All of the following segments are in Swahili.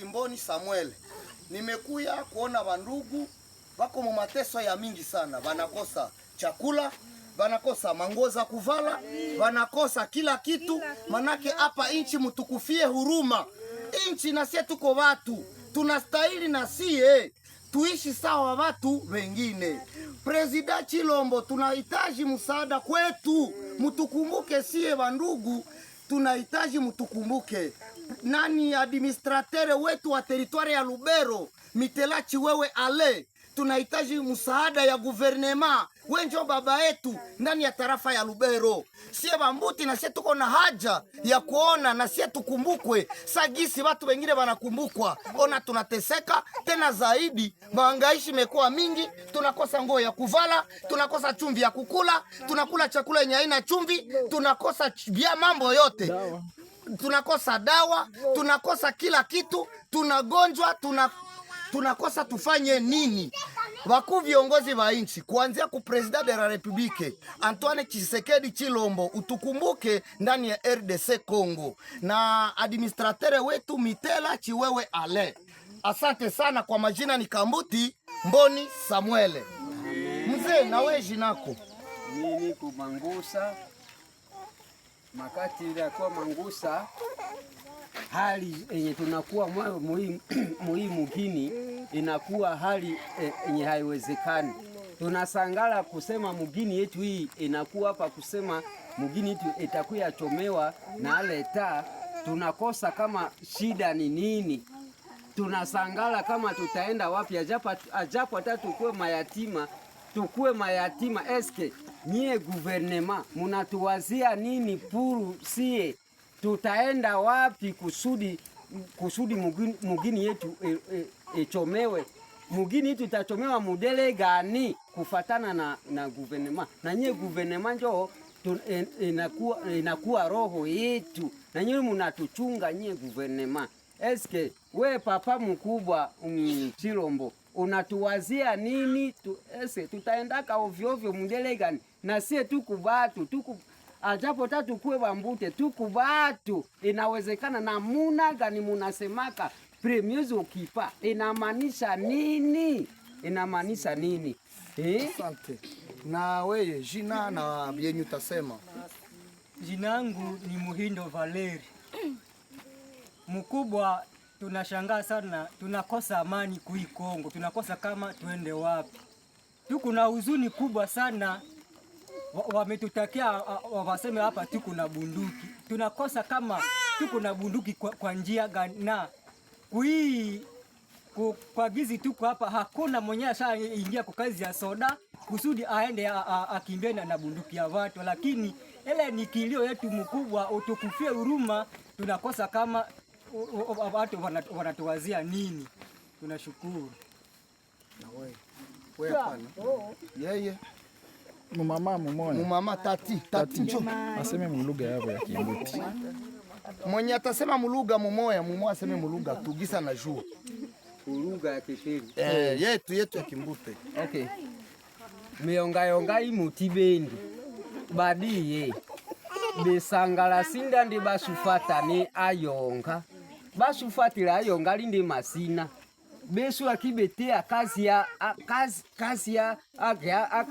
Timboni Samuel, nimekuya kuona bandugu vako mu mateso ya mingi sana, vanakosa chakula, vanakosa manguo za kuvala, vanakosa kila kitu. Manake hapa inchi mutukufie huruma inchi, nasie tuko watu tunastahili sie tuishi sawa watu wengine. prezida Chilombo, tunahitaji msaada kwetu, mutukumbuke sie bandugu, tunahitaji mutukumbuke nani administratere wetu wa teritwari ya Lubero Mitelachi, wewe ale tunahitaji msaada ya guvernema, we njo baba yetu ndani ya tarafa ya Lubero. Sie bambuti na sie tuko na haja ya kuona na sie tukumbukwe sagisi watu wengine wanakumbukwa. Ona tunateseka tena zaidi, maangaishi mekoa mingi, tunakosa nguo ya kuvala, tunakosa chumvi ya kukula, tunakula chakula yenye haina chumvi, tunakosa bia mambo yote tunakosa dawa, tunakosa kila kitu, tunagonjwa, tuna tunakosa tufanye nini? Wakuu viongozi wa nchi kuanzia ku president de la republique Antoine Tshisekedi Chilombo, utukumbuke ndani ya RDC Congo, na administratere wetu Mitela Chiwewe Ale. Asante sana kwa majina, ni Kambuti Mboni Samuele. Mzee, na wewe jinako nini? Kumangusa makati ile yakuwa mangusa, hali eh, yenye tunakuwa muhimu mugini inakuwa hali eh, yenye haiwezekani. Tunasangala kusema mugini yetu hii inakuwa hapa, kusema mugini yetu itakuya chomewa na aleta. Tunakosa kama shida ni nini, tunasangala kama tutaenda wapi, ajapo hata tukuwe mayatima, tukuwe mayatima eske nyie guvernema munatuwazia nini puru sie tutaenda wapi kusudi kusudi mugini, mugini yetu echomewe e, e, mugini yetu itachomewa mudele gani kufatana na, na guvernema na nyie guvernema njoo inakuwa e, e, roho yetu na nyie munatuchunga nyie guvernema eske we papa mkubwa Chilombo unatuwazia nini tu, ese tutaendaka ovyo ovyo mudele gani na sie tuku batu tuku ajapo tatu kuwe bambute tuku batu, inawezekana. Namuna gani munasemaka premiers ukifa inamaanisha nini? Inamaanisha nini eh? Asante. Na weye jina na byenyu tasema. Jina yangu ni Muhindo Valeri mkubwa. Tunashangaa sana, tunakosa amani kui Kongo, tunakosa kama tuende wapi, tuko na huzuni kubwa sana wametutakia waseme hapa tu na bunduki. Tunakosa kama tu na bunduki kwa, kwa njia gani? Na kuii kwa gizi tuko hapa, hakuna mwenye ashaingia kwa kazi ya soda kusudi aende akimbie na bunduki ya watu, lakini ile ni kilio yetu mkubwa, utukufie huruma. Tunakosa kama watu wanatuwazia nini? Tunashukuru yeye mumama mumone mumama tati tati njo aseme muluga yabo ya Kimbuti, mwenye atasema muluga mumoya mumoya aseme muluga tugisa na jua muluga ya kesheri eh yetu yetu ya Kimbute. Okay, mionga yonga imuti bendi badiye besangala sinda ndi basufatani ayonga basufatila ayonga lindi masina besu akibetea kazi ya kazi kazi ya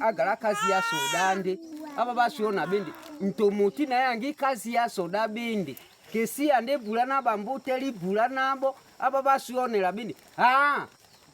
agara kazi ya soda ndi aba basiona bindi mtomuti naye angi kazi ya soda bindi kesi ande bulana bambuteli bulana abo aba basionela bindi ah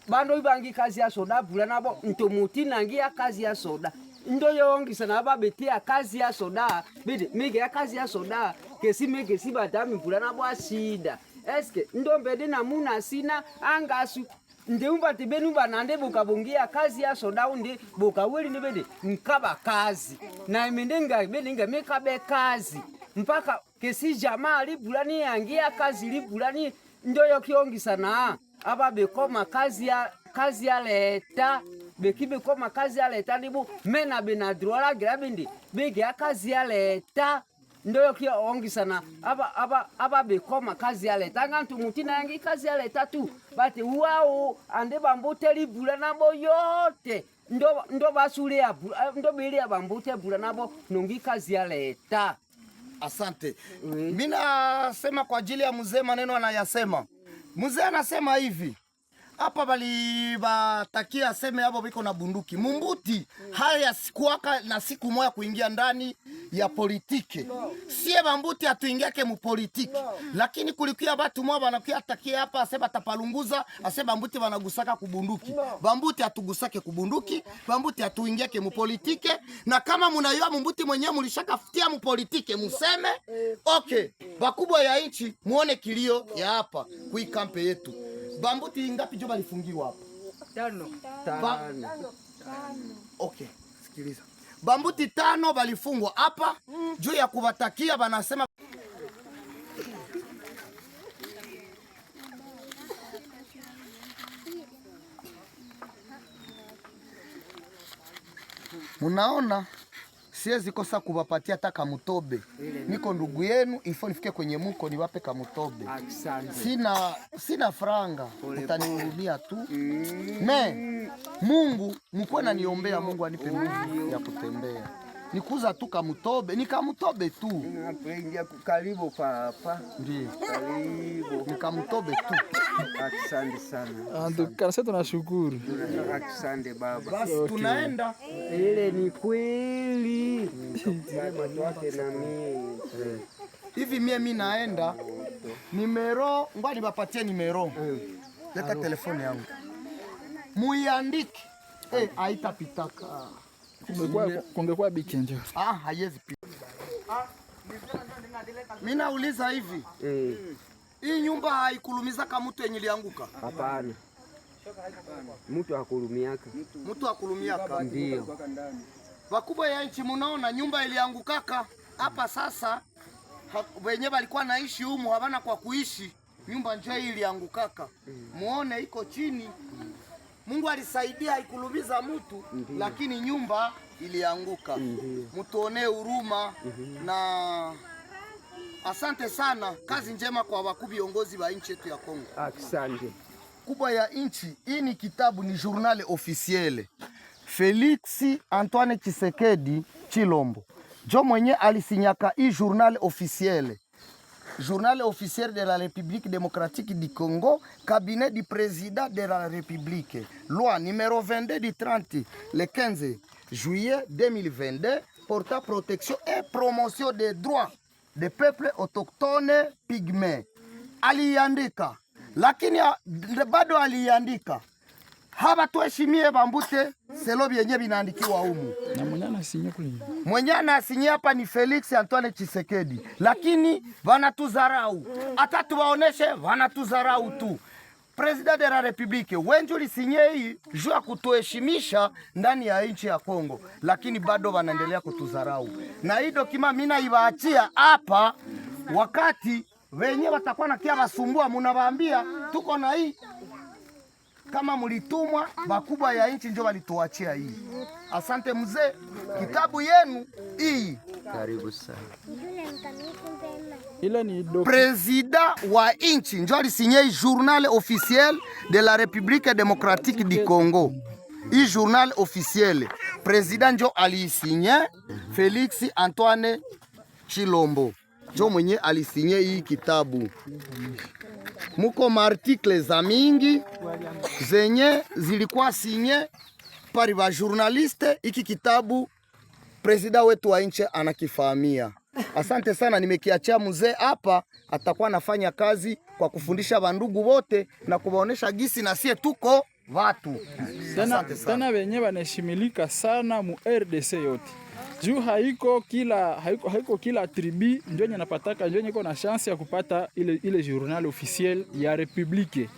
bando ibangi kazi ya soda bulana abo mtomuti nangi ya kazi ya soda ndo yongisa naba betea kazi ya soda bindi mige ya kazi ya soda kesi mege si badami bulana bwa asida eske ndombede namuna sina angasu ndeumba tibenumba nande bukabungia kazi yaso dau ndi bukaweli ndibede nkaba kazi na imendenga benenga mekabe kazi mpaka kesi jamaa libulani yangia kazi libulani ndoyo kiongisana aba bekoma kazi ya kazi ya leta bekibekoma kazi ya leta ndibu mena benadrola grabindi bege akazi ya leta ndoyokiaongisana ababikoma kazi aletanga ntu mutina yangi kazi aleta tu bati uwao ande bambute libula nabo yote ndo, ndo basulia eh, ndo bilia bambute bula nabo nongi kazi aleta asante Mina sema kwa ajili ya mzee maneno anayasema mzee anasema hivi hapa bali batakia aseme hapo biko na bunduki mumbuti mm. haya sikuaka na siku moja kuingia ndani ya mm. politike sie bambuti atuingiake mupolitiki no. Lakini kulikuya batu moja banakuya atakia hapa ase batapalunguza ase bambuti banagusaka kubunduki no. Bambuti atugusake kubunduki bambuti atuingiake mupolitike na kama munayoa mumbuti mwenyewe mulishakafutia mupolitike museme eh. okay, bakubwa ya inchi muone kilio ya hapa kuikampe yetu Bambuti ngapi njo balifungiwa hapa? Tano. Tano. Okay, sikiliza. Bambuti tano balifungwa hapa mm. juu ya kubatakia banasema Munaona? siwezi kosa kuwapatia hata kamutobe. Niko ndugu yenu, ifo nifike kwenye muko niwape kamutobe. Sina, sina franga, utanihurumia tu me Mungu mkuwe naniombea, Mungu anipe nguvu ya kutembea nikuza tu kamutobe nikamutobe tu ingia kukaribu papa ndio nikamutobe tu. Asante sana, ah, andukanisa tunashukuru, asante baba. Basi tunaenda ile ni kweli hivi. Mie mi naenda nimero, ngwa nibapatie nimero, eh. leta telefone yangu muiandike, eh, aitapitaka kungekuwa biki ndio. Ah, haiwezi Mimi nauliza hivi. Mm. Hii nyumba haikulumiza kama mtu yenye lianguka? Hapana. Mtu akulumiaka. Mtu hakulumiaka. Ndio. Wakubwa ya nchi munaona nyumba iliangukaka hapa sasa wenye walikuwa naishi humu hawana kwa kuishi nyumba njoo iliangukaka. Mm. Muone iko chini. Mungu alisaidia haikulumiza mtu lakini nyumba ilianguka. Mtuonee huruma mhm. na asante sana. Kazi njema kwa wakuu viongozi wa nchi yetu ya Kongo. Asante kubwa ya nchi hii. Ni kitabu ni journal officiel Felix Antoine Chisekedi Chilombo jo mwenye alisinyaka hii journal officiel Journal officiel de la République démocratique du Congo, cabinet du président de la République, loi numéro 22 du 30, le 15 juillet 2022, portant protection et promotion des droits des peuples autochtones pygmées. Aliandika, lakini bado aliandika haba tuheshimie bambute selo byenye binaandikiwa humu na mwenyana asinye kule. Mwenyana asinye hapa ni Felix Antoine Chisekedi, lakini vanatuzarau, hata tuwaoneshe vanatuzarau tu. President de la Republique wenji ulisinye hii juu ya kutuheshimisha ndani ya nchi ya Kongo, lakini bado wanaendelea kutuzarau, na hii dokima mina iwaachia hapa wakati wenye watakuwa kia wasumbua, munawaambia tuko na hii kama mulitumwa wakubwa ya nchi ndio walituachia hii. Asante mzee, kitabu yenu hii. Karibu sana. Prezida wa nchi njo alisinye journal officiel de la republique democratique du Congo. Hii journal officiel prezida njo aliisinye, Felix Antoine Chilombo njo mwenye alisinye hii kitabu muko maartikle za mingi zenye zilikuwa sinye pari ba journaliste. Iki kitabu presida wetu wa nchi anakifahamia. Asante sana, nimekiachia mzee hapa, atakuwa anafanya kazi kwa kufundisha bandugu wote na kuwaonesha gisi na sie tuko watu tena wenye wanaheshimilika sana mu RDC yote juu haiko kila haiko, haiko kila tribi ndio yenye napataka ndio yenye iko na chance ya kupata ile, ile journal officiel ya republike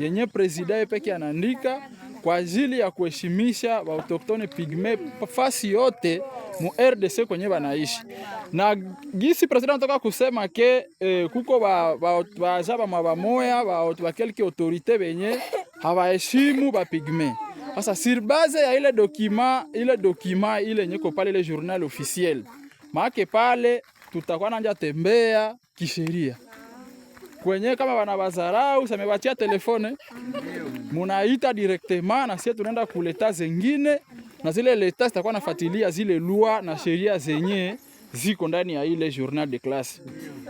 yenye presida peke anaandika kwa ajili ya kuheshimisha waautoktone pigme fasi yote mu RDC kwenye banaishi na gisi president anataka kusema ke eh, kuko baza bamwa bamoya bakelke autorite benye habaheshimu bapigme sasa sur base ya ile dokima ile dokima ile nyiko pale ile journal officiel, maake pale tutakuwa nanja tembea kisheria kwenye kama wana bazarau samebatia telefone munaita directement, na sie tunaenda kuleta zengine, na zile leta zitakuwa nafatilia zile lua na sheria zenye ziko ndani ya ile journal de classe,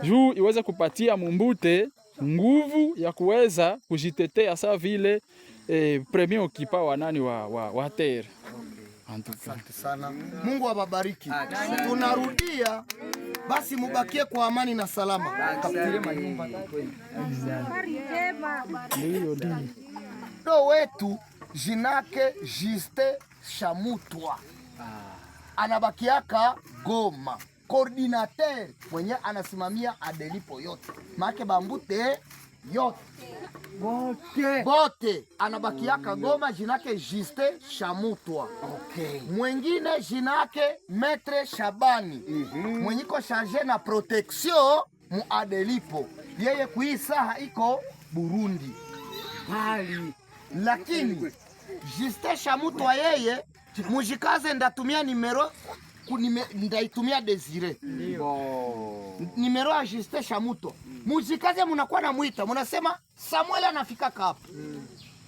juu iweze kupatia mumbute nguvu ya kuweza kujitetea saa vile eh, premier wa nani wa, wa, wa ter okay. Asante sana, Mungu awabariki. Tunarudia basi, mubakie kwa amani na salama. Ndio do wetu jinake Juste Shamutwa anabakiaka Goma koordinater mwenye anasimamia adelipo yote make bambute yote bote, bote. Anabakiaka Goma jinake Juste Shamutwa. Okay. Mwengine jinake Metre Shabani mm -hmm. Mwenyiko sharge na mu muadelipo yeye kuii saha iko Burundi Pali. Lakini Juste Shamutwa yeye mujikaze, ndatumia nimero nime, ndaitumia Desire nimero ya Juste Shamutwa mujikaze, munakuwa na mwita, munasema Samuel anafika kapo,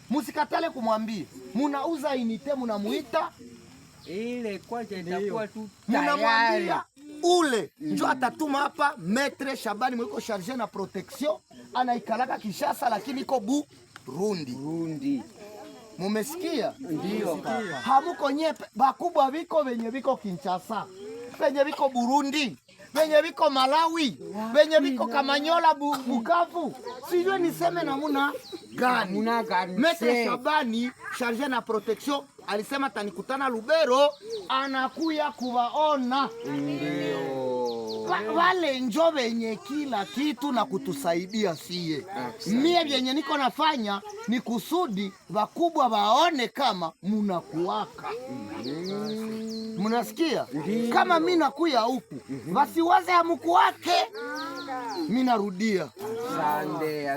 musikatale kumwambia munauza inite, munamwita ile kwanza itakuwa tu munamwambia ule mm. njo atatuma hapa. Metre Shabani mwiko charge na protection anaikalaka Kishasa, lakini iko rundi rundi mumesikia? Ndio, hamuko nyepe, bakubwa viko venye viko Kinshasa venye viko Burundi, venye viko Malawi, venye viko Kamanyola, Bukavu, sijue niseme namuna gani. Mete Shabani sharge na protection alisema tanikutana Lubero, anakuya kuwaona. Ndio wa, eh. wale njo venye kila kitu na kutusaidia sie. Mie vyenye niko nafanya ni kusudi wakubwa waone kama munakuwaka mm-hmm. munasikia kama mi nakuya huku, mm-hmm. wasiwaze hamkuwake, minarudia mm-hmm.